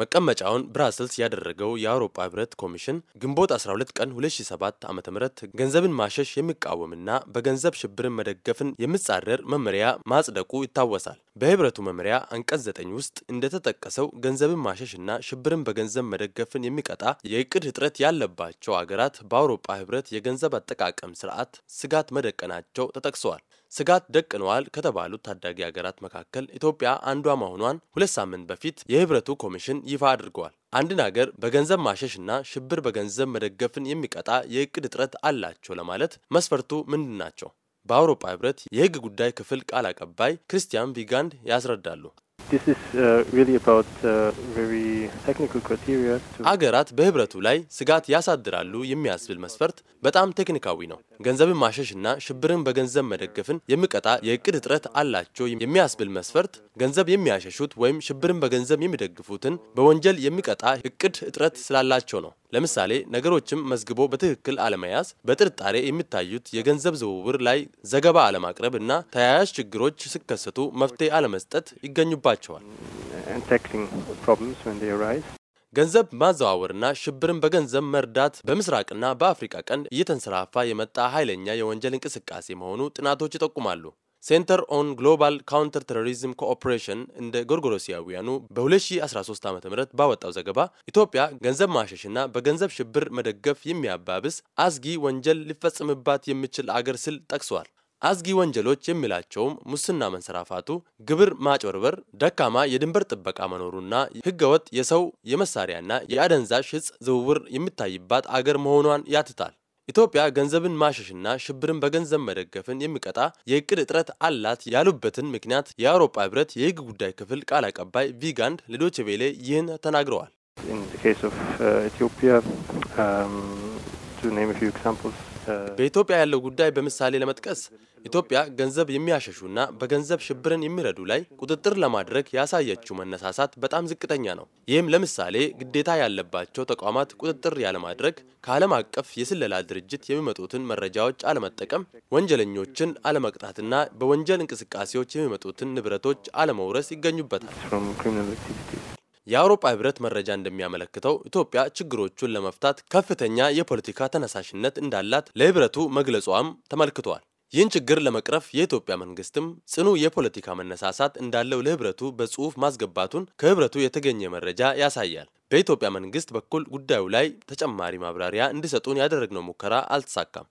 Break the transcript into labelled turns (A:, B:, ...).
A: መቀመጫውን ብራስልስ ያደረገው የአውሮፓ ህብረት ኮሚሽን ግንቦት 12 ቀን 2007 ዓ.ም ገንዘብን ማሸሽ የሚቃወምና በገንዘብ ሽብርን መደገፍን የሚጻረር መመሪያ ማጽደቁ ይታወሳል። በህብረቱ መመሪያ አንቀጽ 9 ውስጥ እንደተጠቀሰው ገንዘብን ማሸሽና ሽብርን በገንዘብ መደገፍን የሚቀጣ የእቅድ እጥረት ያለባቸው አገራት በአውሮፓ ህብረት የገንዘብ አጠቃቀም ስርዓት ስጋት መደቀናቸው ተጠቅሰዋል። ስጋት ደቅነዋል ከተባሉት ታዳጊ ሀገራት መካከል ኢትዮጵያ አንዷ መሆኗን ሁለት ሳምንት በፊት የህብረቱ ኮሚሽን ይፋ አድርገዋል። አንድን ሀገር በገንዘብ ማሸሽና ሽብር በገንዘብ መደገፍን የሚቀጣ የእቅድ እጥረት አላቸው ለማለት መስፈርቱ ምንድን ናቸው? በአውሮፓ ህብረት የህግ ጉዳይ ክፍል ቃል አቀባይ ክርስቲያን ቪጋንድ ያስረዳሉ። Uh, uh, አገራት በህብረቱ ላይ ስጋት ያሳድራሉ የሚያስብል መስፈርት በጣም ቴክኒካዊ ነው። ገንዘብን ማሸሽና ሽብርን በገንዘብ መደገፍን የሚቀጣ የእቅድ እጥረት አላቸው የሚያስብል መስፈርት ገንዘብ የሚያሸሹት ወይም ሽብርን በገንዘብ የሚደግፉትን በወንጀል የሚቀጣ እቅድ እጥረት ስላላቸው ነው። ለምሳሌ ነገሮችን መዝግቦ በትክክል አለመያዝ፣ በጥርጣሬ የሚታዩት የገንዘብ ዝውውር ላይ ዘገባ አለማቅረብ እና ተያያዥ ችግሮች ሲከሰቱ መፍትሄ አለመስጠት ይገኙባቸዋል። ገንዘብ ማዘዋወርና ሽብርን በገንዘብ መርዳት በምስራቅና በአፍሪካ ቀንድ እየተንሰራፋ የመጣ ኃይለኛ የወንጀል እንቅስቃሴ መሆኑ ጥናቶች ይጠቁማሉ። ሴንተር ኦን ግሎባል ካውንተር ቴሮሪዝም ኮኦፕሬሽን እንደ ጎርጎሮሲያውያኑ በ2013 ዓ ም ባወጣው ዘገባ ኢትዮጵያ ገንዘብ ማሸሽና በገንዘብ ሽብር መደገፍ የሚያባብስ አስጊ ወንጀል ሊፈጽምባት የሚችል አገር ስል ጠቅሷል። አስጊ ወንጀሎች የሚላቸውም ሙስና መንሰራፋቱ፣ ግብር ማጭበርበር፣ ደካማ የድንበር ጥበቃ መኖሩና ህገወጥ የሰው የመሳሪያና የአደንዛዥ እጽ ዝውውር የሚታይባት አገር መሆኗን ያትታል። ኢትዮጵያ ገንዘብን ማሸሽና ሽብርን በገንዘብ መደገፍን የሚቀጣ የእቅድ እጥረት አላት ያሉበትን ምክንያት የአውሮፓ ህብረት የህግ ጉዳይ ክፍል ቃል አቀባይ ቪጋንድ ለዶይቼ ቬለ ይህን ተናግረዋል። uh, um, uh, በኢትዮጵያ ያለው ጉዳይ በምሳሌ ለመጥቀስ ኢትዮጵያ ገንዘብ የሚያሸሹና በገንዘብ ሽብርን የሚረዱ ላይ ቁጥጥር ለማድረግ ያሳየችው መነሳሳት በጣም ዝቅተኛ ነው። ይህም ለምሳሌ ግዴታ ያለባቸው ተቋማት ቁጥጥር ያለማድረግ፣ ከዓለም አቀፍ የስለላ ድርጅት የሚመጡትን መረጃዎች አለመጠቀም፣ ወንጀለኞችን አለመቅጣትና በወንጀል እንቅስቃሴዎች የሚመጡትን ንብረቶች አለመውረስ ይገኙበታል። የአውሮፓ ህብረት መረጃ እንደሚያመለክተው ኢትዮጵያ ችግሮቹን ለመፍታት ከፍተኛ የፖለቲካ ተነሳሽነት እንዳላት ለህብረቱ መግለጿም ተመልክቷል። ይህን ችግር ለመቅረፍ የኢትዮጵያ መንግስትም ጽኑ የፖለቲካ መነሳሳት እንዳለው ለህብረቱ በጽሁፍ ማስገባቱን ከህብረቱ የተገኘ መረጃ ያሳያል። በኢትዮጵያ መንግስት በኩል ጉዳዩ ላይ ተጨማሪ ማብራሪያ እንዲሰጡን ያደረግነው ሙከራ አልተሳካም።